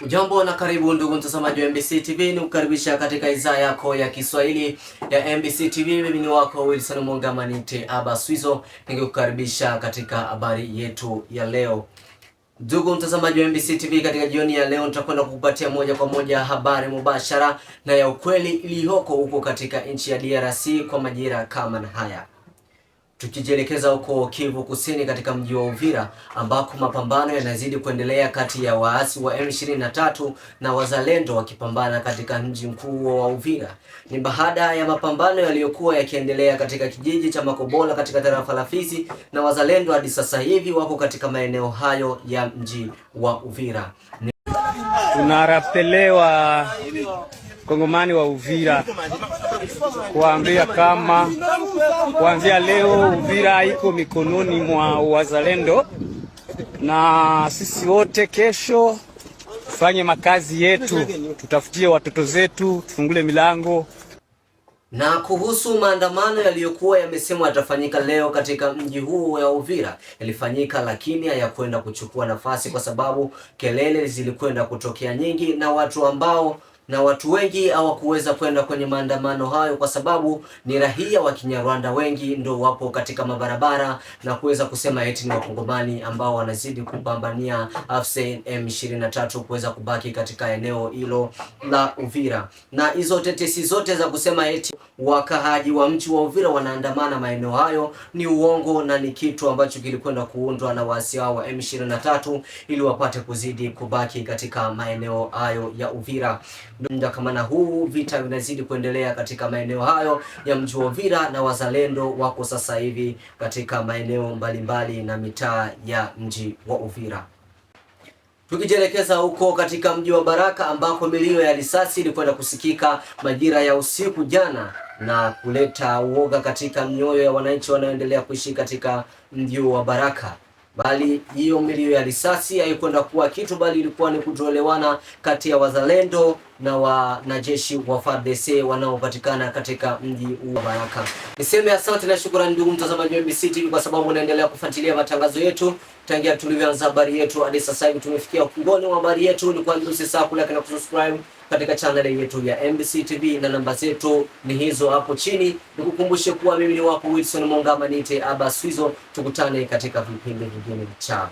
Ujambo na karibu ndugu mtazamaji wa MBC TV, ni kukaribisha katika idhaa yako ya Kiswahili ya MBC TV. Mimi ni wako Wilson Mwangama nite Aba Swizo, ningekukaribisha katika habari yetu ya leo. Ndugu mtazamaji wa MBC TV, katika jioni ya leo nitakwenda kukupatia moja kwa moja habari mubashara na ya ukweli iliyoko huko katika nchi ya DRC kwa majira kama na haya. Tukijielekeza huko Kivu Kusini katika mji wa Uvira ambako mapambano yanazidi kuendelea kati ya waasi wa M23 na wazalendo wakipambana katika mji mkuu wa Uvira. Ni baada ya mapambano yaliyokuwa yakiendelea katika kijiji cha Makobola katika tarafa la Fizi na wazalendo hadi sasa hivi wako katika maeneo hayo ya mji wa Uvira. Tunarapelewa Kongomani wa Uvira kuambia kama kuanzia leo Uvira iko mikononi mwa wazalendo, na sisi wote kesho tufanye makazi yetu, tutafutie watoto zetu, tufungule milango. Na kuhusu maandamano yaliyokuwa yamesemwa yatafanyika leo katika mji huu wa Uvira yalifanyika, lakini hayakwenda kuchukua nafasi kwa sababu kelele zilikwenda kutokea nyingi na watu ambao na watu wengi hawakuweza kwenda kwenye maandamano hayo kwa sababu ni rahia wa Kinyarwanda wengi ndo wapo katika mabarabara na kuweza kusema eti ni Wakongomani ambao wanazidi kupambania AFC M23 kuweza kubaki katika eneo hilo la Uvira, na hizo tetesi zote za kusema eti wakahaji wa mji wa Uvira wanaandamana maeneo hayo ni uongo na ni kitu ambacho kilikwenda kuundwa na waasi hao wa M23 ili wapate kuzidi kubaki katika maeneo hayo ya Uvira na huu vita vinazidi kuendelea katika maeneo hayo ya mji wa Uvira, na wazalendo wako sasa hivi katika maeneo mbalimbali na mitaa ya mji wa Uvira. Tukijielekeza huko katika mji wa Baraka ambako milio ya risasi ilikwenda kusikika majira ya usiku jana na kuleta uoga katika mioyo ya wananchi wanaoendelea kuishi katika mji wa Baraka, bali hiyo milio ya risasi haikwenda kuwa kitu, bali ilikuwa ni kutolewana kati ya wazalendo na wanajeshi wa FARDC wanaopatikana katika mji wa Baraka. Niseme asante na shukrani ndugu mtazamaji wa MBC TV kwa sababu unaendelea kufuatilia matangazo yetu tangia tulivyoanza habari yetu hadi sasa hivi tumefikia ukingoni wa habari yetu. Ni kuambia usisahau kulike na kusubscribe katika channel yetu ya MBC TV na namba zetu ni hizo hapo chini. Nikukumbushe kuwa mimi ni wako Wilson Mongama, niite Abaswizo, tukutane katika vipindi vingine. Chao.